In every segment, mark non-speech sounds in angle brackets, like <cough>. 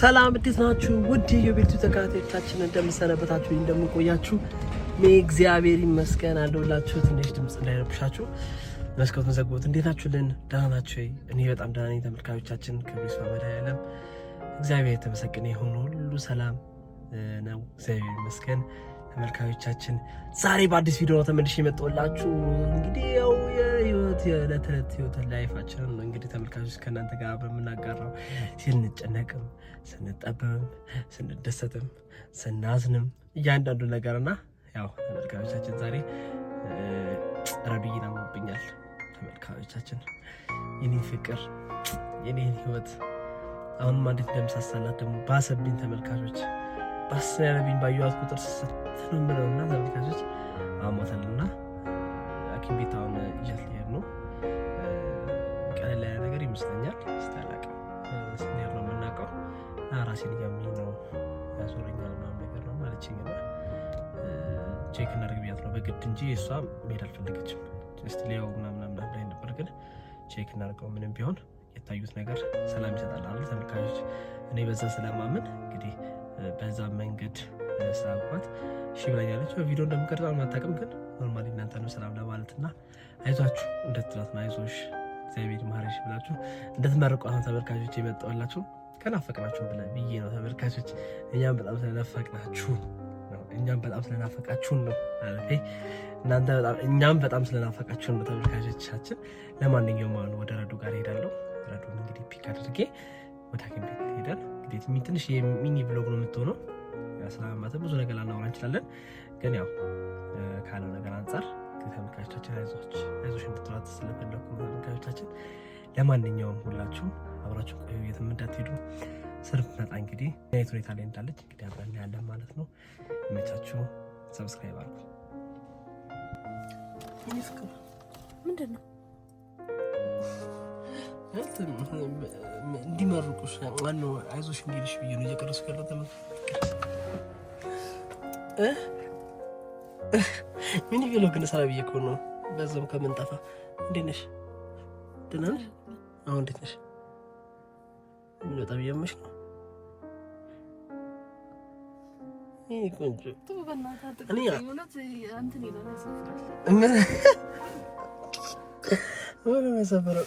ሰላም እንዴት ናችሁ? ውድ የቤቱ ተከታታዮቻችን እንደምሰነበታችሁ እንደምቆያችሁ፣ እግዚአብሔር ይመስገን አለሁላችሁ። ትንሽ ድምፅ እንዳይረብሻችሁ መስኮቱን ዘግቦት። እንዴት ናችሁልን? ደህና ናችሁ? እኔ በጣም ደህና ነኝ። ተመልካቾቻችን ክብስ መድኃኒዓለም እግዚአብሔር የተመሰገነ ይሁን። ሁሉ ሰላም ነው፣ እግዚአብሔር ይመስገን። ተመልካዮቻችን ዛሬ በአዲስ ቪዲዮ ነው ተመልሼ የመጣሁላችሁ። እንግዲህ ያው የህይወት የዕለት ዕለት ህይወት ላይፋችንን ነው እንግዲህ ተመልካቾች ከእናንተ ጋር በምናጋራው ስንጨነቅም፣ ስንጠበብም፣ ስንደሰትም፣ ስናዝንም እያንዳንዱ ነገር እና ያው ተመልካዮቻችን ዛሬ ረዱይ ናሙብኛል። ተመልካዮቻችን የኔ ፍቅር የኔን ህይወት አሁንም አንዴት እንደምሳሳላት ደግሞ ባሰብኝ ተመልካቾች ቀስ ያለብኝ ባየኋት ቁጥር ስትንምለው እና ተመልካቾች አሟታል እና ሐኪም ቤት አሁን ይዣት ሊሄድ ነው። ቀለል ያለ ነገር ይመስለኛል። ስታላቅ ስንሄድ ነው የምናውቀው እና ራሴን እያመኝ ነው ያዞረኛል ምናምን ነገር ነው ማለችኝ እና ቼክ እናድርግ ብያት ነው በግድ እንጂ እሷ መሄድ አልፈለገችም። ስ ሊያው ምናምናም ላይ ነበር ግን ቼክ እናደርገው ምንም ቢሆን የታዩት ነገር ሰላም ይሰጣል አሉ ተመልካቾች። እኔ በዛ ስለማምን እንግዲህ በዛ መንገድ ስላልኳት እሺ ብላኛለች። በቪዲዮ እንደምቀርጽ አታውቅም፣ ግን ኖርማሊ እናንተ ነው ሰላም ለማለት እና አይዟችሁ እንደትላት ነው አይዞሽ እግዚአብሔር ይማረሽ ብላችሁ እንደትመርቋት ነው ተመልካቾች የመጣሁላችሁ። ከናፈቅናችሁ ብለ ብዬ ነው ተመልካቾች፣ እኛም በጣም ስለናፈቅናችሁ እኛም በጣም ስለናፈቃችሁን ነው እናንተ በጣም እኛም በጣም ስለናፈቃችሁን ነው ተመልካቾቻችን። ለማንኛውም አሁን ወደ ረዱ ጋር ሄዳለሁ። ረዱን እንግዲህ ፒክ አድርጌ ወደ ትንሽ የሚኒ ብሎግ ነው የምትሆነው። ስለማማተ ብዙ ነገር ላናወራ እንችላለን፣ ግን ያው ካለው ነገር አንጻር ተመልካቾቻችን አይዞች አይዞች እንድትላት ስለፈለኩ ተመልካቾቻችን፣ ለማንኛውም ሁላችሁም አብራችሁ ቆዩ፣ የትም እንዳትሄዱ። ስርፍ መጣ እንግዲህ ናይት ሁኔታ ላይ እንዳለች እንግዲህ አብረን ያለን ማለት ነው። ይመቻችሁ። ሰብስክራይብ አድርጉ። ምንድን ነው እንዲመርቁሽ ማነው አይዞሽ እንዲልሽ ብዬ ነው እየቀረስኩ ያለው። ምን ብሎ ግን ስራ ብዬ እኮ ነው። በዛም ከምንጠፋ እንዴት ነሽ? ደህና ነሽ? አሁን እንዴት ነሽ? ምን በጣም እያመሽ ነው። ይህ ቆንጆ ምን መሰፈረው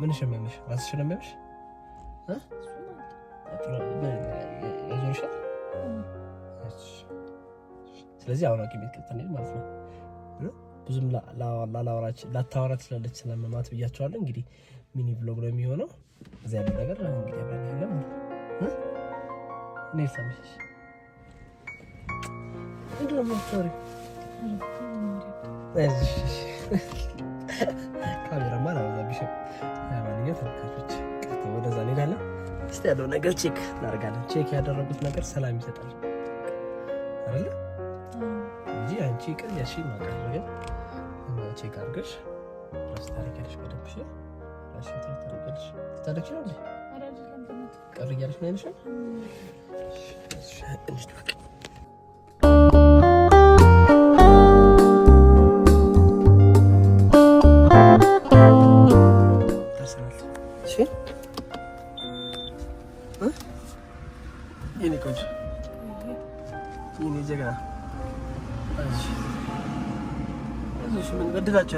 ምን ሸመመሽ? ራስ ሸመመሽ? ስለዚህ አሁን ሐኪም ቤት ቀጥታ ማለት ነው። ብዙም ላላወራች ላታወራ ትችላለች ስለመማት ብያቸዋለሁ። እንግዲህ ሚኒ ብሎግ ነው የሚሆነው። እዚ ያለ ነገር እንግዲህ ያለ ነገር እኔ ሳምሽ ካሜራማ ተመልካቾች ቀጥታ ወደዛ እንሄዳለን። እስቲ ያለው ነገር ቼክ እናደርጋለን። ቼክ ያደረጉት ነገር ሰላም ይሰጣል አይደለ እንጂ አንቺ ቀን ያሺ ማቀረገ እና ቼክ አድርገሽ ራስ ታሪከሽ በደብሽ ራስ ታሪከሽ ታሪከሽ ነው ቀር እያለሽ ነው ያለሽ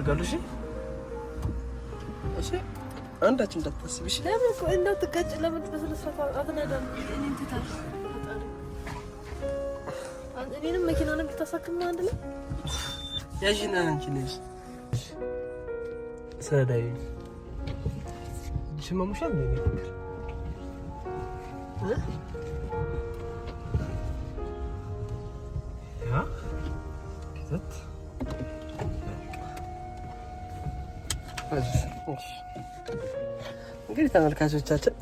ታደርጋለሽ? እሺ አንዳች እንዳታስብ እሺ። ለምን እኮ እንዳትጋጭ፣ ለምን በስነ ስርዓት አትነዳም? እኔን ትታሽ እኔንም መኪና ነው የምታሳክም አንድ ላይ ያዥና አንቺ ነሽ ሰዳይ ሽማሙሻል ነው እንግዲህ ተመልካቾቻችን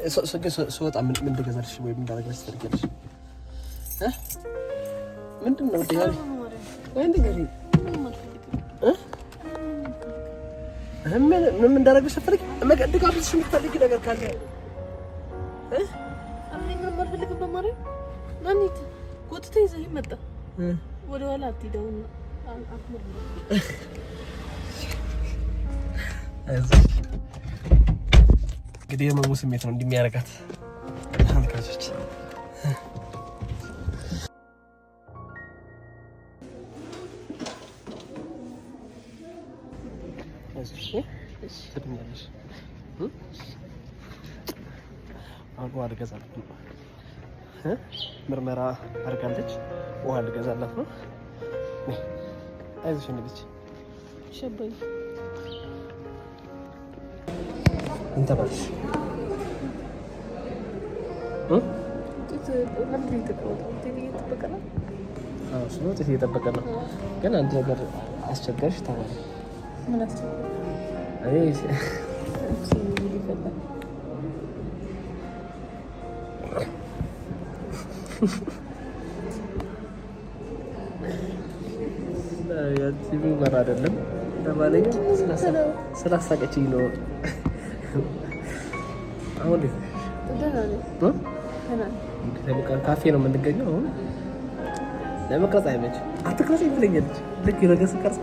ስወጣ ምን እንደገዛልሽ ወይም እንዳደረግልሽ ትፈልጊያለሽ? ምንድን ነው ምንም እንዳደረግልሽ ትፈልጊ መቀድጋብሽ የምትፈልጊ ነገር ካለ ጎትተህ ይዘህ መጣ ወደኋላ እንግዲህ የመሙ ስሜት ነው እንደሚያረጋት ተመልካቾች። ምርመራ አድርጋለች። ውሃ ነው። አይዞሽ ልጅ ሸበይ নিতে পারিস እሱ እየጠበቀ ነው። ግን አንድ ነገር አስቸገርሽ ተባለ። ቲቪ <laughs> መራ አይደለም ለማንኛውም ስላሳቀችኝ ነው። አሁን ካፌ ነው የምንገኘው። አሁን ለመቅረጽ አይመችም። አትቅረጽ ትለኛለች። ልክ የሆነ ስቀርጽ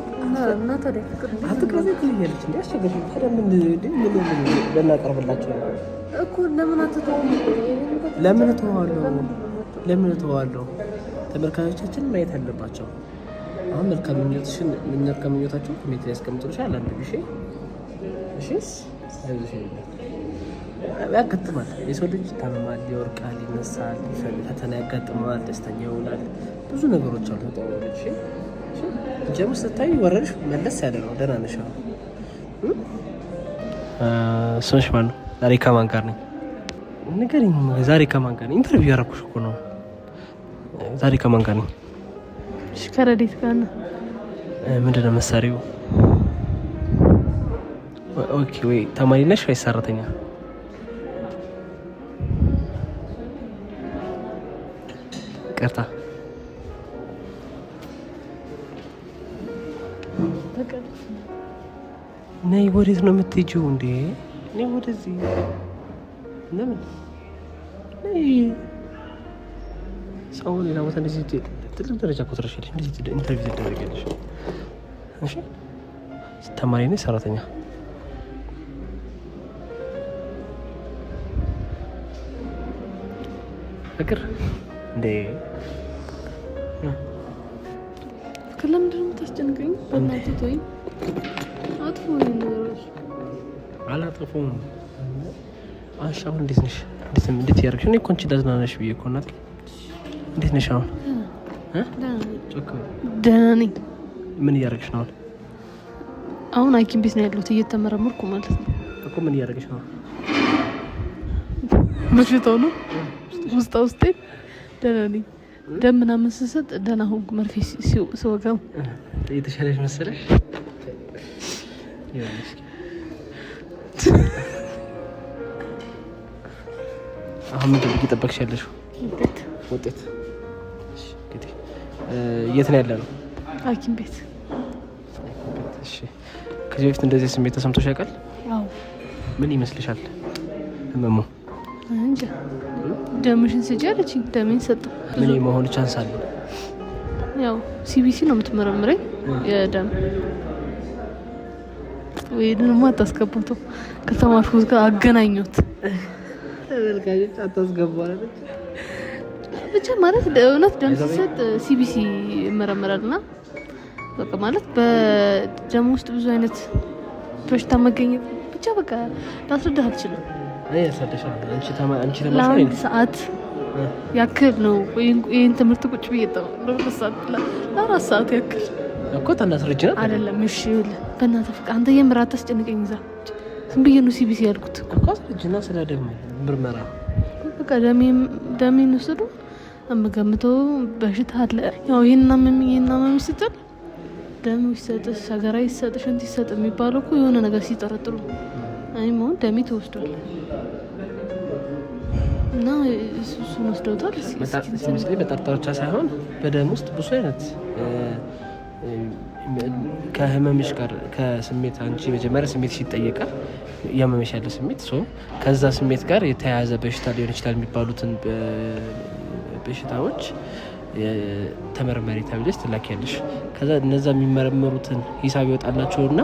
አትቅረጽ ትለኛለች። እንዲ አስቸገር። ታዲያ እኮ? ለምን ለምን እተዋለሁ? ለምን እተዋለሁ? ተመልካቾቻችን ማየት አለባቸው። አሁን መልካም ምኞታቸው ኮሜንት ላይ ያስቀምጡልሻል። አንድ ጊዜ ያጋጥማል። የሰው ልጅ ይታመማል፣ ይወርቃል፣ ይነሳል፣ ፈተና ያጋጥመዋል፣ ደስተኛ ይሆናል። ብዙ ነገሮች አሉ። ጀም ስታይ ወረድሽ መለስ ያለ ነው። ደህና ነሽ? ስምሽ ማን ነው? ዛሬ ከማን ጋር ነኝ? ንገሪኝ። ዛሬ ከማን ጋር ነኝ? ኢንተርቪው ያደረኩሽ እኮ ነው። ዛሬ ከማን ጋር ነኝ? ከረዴት ጋር ነው። ምንድን ነው መሳሪያው? ኦኬ ወይ ተማሪ ነሽ ወይስ ሰራተኛ? ቅርታ ነይ። ወዴት ነው የምትሄጂው? እንዴ ነይ ወደዚህ። ለምን ሰው ሌላ ቦታ እንደዚህ ትልቅ ደረጃ ኮትረሽ ትደርሻለሽ። እንደዚህ ኢንተርቪው ትደረጊያለሽ። እሺ ተማሪ ነሽ ሰራተኛ? ፍቅር እንዴ ፍቅር ለምንድን ነው የምታስጨንቀኝ? በእናትህ ተወኝ። አጥፎ ነው ነገሮች አላጠፉም። እሺ አሁን እንዴት ነሽ? እንዴት እንዴት ያደርግሽ? እኔ እኮ አንቺ ደህና ነሽ ብዬ እኮ እናቴ። እንዴት ነሽ አሁን? ደህና ነኝ። ምን እያደረግሽ ነው አሁን? አሁን ሐኪም ቤት ነው ያለሁት እየተመረመርኩ ማለት ነው እኮ። ምን እያደረግሽ ነው? መሽታው ነው ውስጣ ውስጤ ደህና ነኝ። ደም ምናምን ስሰጥ ደህና ሆንኩ። መርፌ ሲወጋው የተሻለች መሰለሽ። አሁን ምንድን ነው እየጠበቅሽ ያለሽው? ውጤት የት ነው ያለ ነው? ሐኪም ቤት። ከዚህ በፊት እንደዚህ ስሜት ተሰምቶሽ ያውቃል? ምን ይመስልሻል ህመሙ? ደምሽን ስጪ አለችኝ። ደሜን ሰጠው። ምን የመሆን ቻንስ አለ? ያው ሲቢሲ ነው የምትመረምረኝ የደም ወይንም አታስገቡት። ከተማርኩት ጋር አገናኙት። ተመልካቾች አታስገቡ ብቻ ማለት እውነት ደም ሲሰጥ ሲቢሲ ይመረመራልና በቃ ማለት በደም ውስጥ ብዙ አይነት በሽታ መገኘት ብቻ በቃ ላስረዳህ አልችልም። ለአንድ ሰዓት ያክል ነው ይህን ትምህርት ቁጭ ብዬ ለአራት ሰዓት ያክል እኮ ታናስረጅ ናት አይደለም? እሺ ይኸውልህ፣ በእናትህ ፍቅር አንተ የምር አታስጨንቀኝ። እዛ ዝም ብዬ ነው ሲቢሲ ያልኩት እኮ አስረጅና ስለ ደም ምርመራ በቃ ደሜን ወስዱ የምገምተው በሽታ አለ። ያው ይህና መሚ ስትል ደም ይሰጥሽ፣ ሰገራ ይሰጥሽ፣ እንትን ይሰጥ የሚባለው እኮ የሆነ ነገር ሲጠረጥሩ እኔም አሁን ደሜ ተወስዷል እና እሱን ወስደውታል። በጠርጣሮቻ ሳይሆን በደም ውስጥ ብዙ አይነት ከህመምሽ ጋር ከስሜት አንቺ መጀመሪያ ስሜት ሲጠየቃል እያመመሽ ያለ ስሜት ሰው ከዛ ስሜት ጋር የተያያዘ በሽታ ሊሆን ይችላል የሚባሉትን በሽታዎች ተመርመሪ ተብለሽ ትላኪያለሽ። ከዛ እነዛ የሚመረመሩትን ሂሳብ ይወጣላቸው እና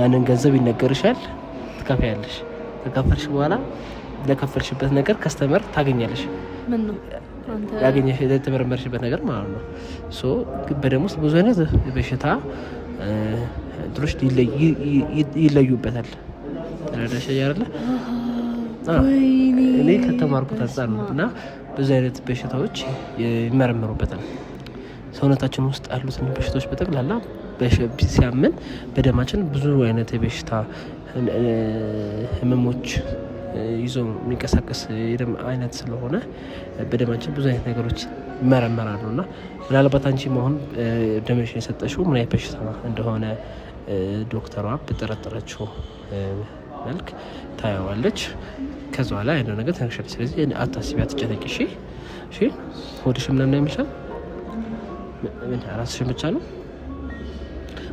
ያንን ገንዘብ ይነገርሻል። ትከፍያለሽ። ከከፈልሽ በኋላ ለከፈልሽበት ነገር ከስተመር ታገኛለሽ። ያገኘሽ የተመረመርሽበት ነገር ማለት ነው። ሶ በደም ውስጥ ብዙ አይነት በሽታ እንትኖች ይለዩበታል። ተረዳሽ እያለ እኔ ከተማርኩት አንጻር ነው እና ብዙ አይነት በሽታዎች ይመረምሩበታል። ሰውነታችን ውስጥ ያሉትን በሽታዎች በጠቅላላ ሲያምን በደማችን ብዙ አይነት የበሽታ ህመሞች ይዞ የሚንቀሳቀስ የደም አይነት ስለሆነ በደማችን ብዙ አይነት ነገሮች ይመረመራሉ እና ምናልባት አንቺ መሆን ደመሽን የሰጠሽው ምን አይነት በሽታ እንደሆነ ዶክተሯ በጠረጠረችው መልክ ታየዋለች። ከዛ በኋላ ያለው ነገር ተነግሻል። ስለዚህ አታስቢ፣ አትጨነቂ። እሺ፣ እሺ። ሆድሽ ምናምን አይመሻል፣ ራስሽን ብቻ ነው።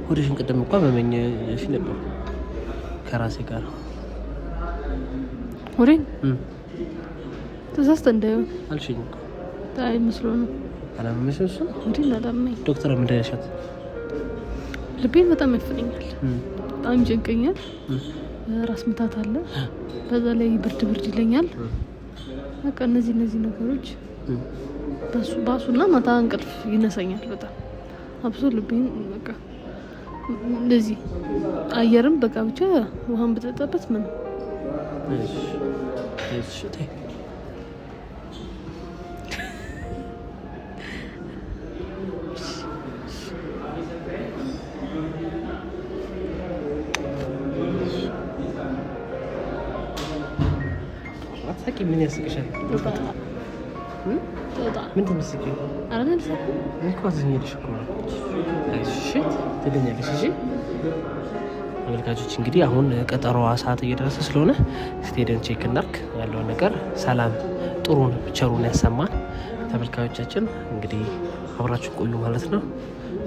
ሆድሽን ቅድም እንኳ መመኘሽ ነበር። ከራሴ ጋር ወሬን ተሳስተ እንዳይሆን አልሽኝ። ታይ ምስሎ ነው አላመመሽ? እሱ ወሬን አላመመኝ። ዶክተር ምን ልቤን በጣም ያፍነኛል፣ በጣም ይጨንቀኛል፣ ራስ ምታት አለ፣ በዛ ላይ ብርድ ብርድ ይለኛል። በቃ እነዚህ እነዚህ ነገሮች ባሱ ባሱና ማታ እንቅልፍ ይነሳኛል በጣም አብሶ ልቤን በቃ እንደዚህ አየርም በቃ ብቻ ውሃን ብትጠጣበት ምን ምን ያስቅሻል? ምን ተመስገ ተመልካቾች እንግዲህ አሁን ቀጠሮዋ ሰዓት እየደረሰ ስለሆነ ስቴደን ቼክ እናርክ ያለውን ነገር ሰላም ጥሩን ቸሩን ያሰማን። ተመልካቾቻችን እንግዲህ አብራችሁ ቆዩ ማለት ነው።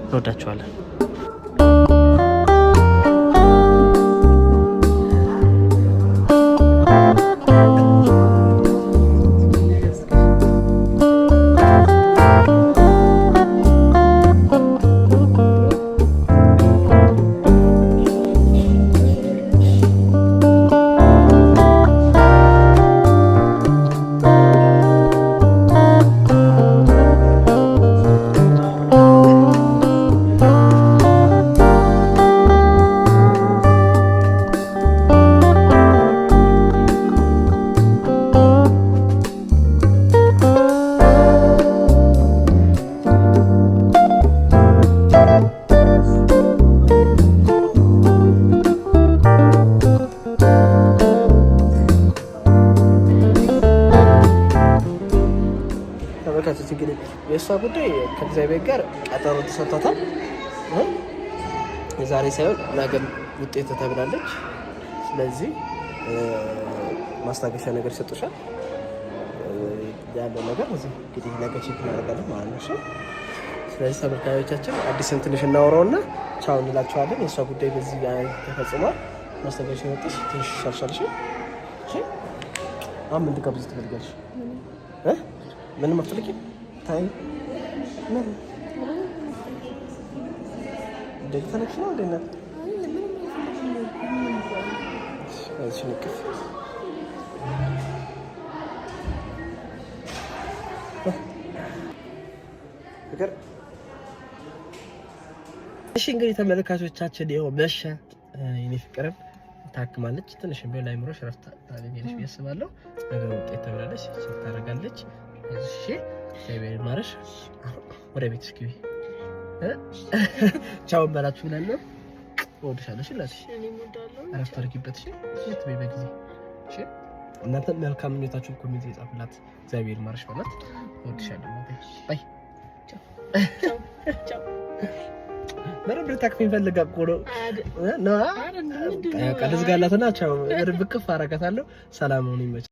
እንወዳችኋለን። ከእግዚአብሔር ጋር ቀጠሮ ተሰጥቷታል። የዛሬ ሳይሆን ነገም ውጤት ተብላለች። ስለዚህ ማስታገሻ ነገር ይሰጡሻል። ያለው ነገር እዚህ እንግዲህ ነገ ቼክ እናደርጋለን ማለት ነው። ስለዚህ ተመልካዮቻችን አዲስን ትንሽ እናወራውና ቻው እንላቸዋለን። የእሷ ጉዳይ በዚህ ተፈጽሟል። ማስታገሻ የወጣሽ ትንሽ ሻልሻልሽ። አሁን ምን ትጋብዝ ትፈልጋለሽ? ምንም አትፈልጊም? ታይ ምን እንደዚህ ተነክሽ ነው እንደና እሺ ንቅፍ ፍቅር እሺ እንግዲህ ተመልካቾቻችን ይኸው መሸ። የኔ ፍቅርም ታክማለች። ትንሽ ቢሆን ለአእምሮሽ እረፍት ታገኛለች ብዬ አስባለሁ። ነገር ውጤት ተብላለች ታደርጋለች። እሺ እግዚአብሔር ማረሽ። ወደ ቤትሽ ግቢ። <laughs> ቻውን በላችሁ ብለን ነው። እወድሻለሽ። እረፍት አድርጊበት። በጊዜ እናንተ መልካም ምኞታችሁን ኮሜንት የጻፍላት እግዚአብሔር ማረሽ በላት። እወድሻለሁ። ባይ በደንብ ፈልጋ እኮ ነው። ቀልዝ ጋላትና ቻው፣ ርብቅፍ አረጋታለሁ። ሰላም ሁኑ።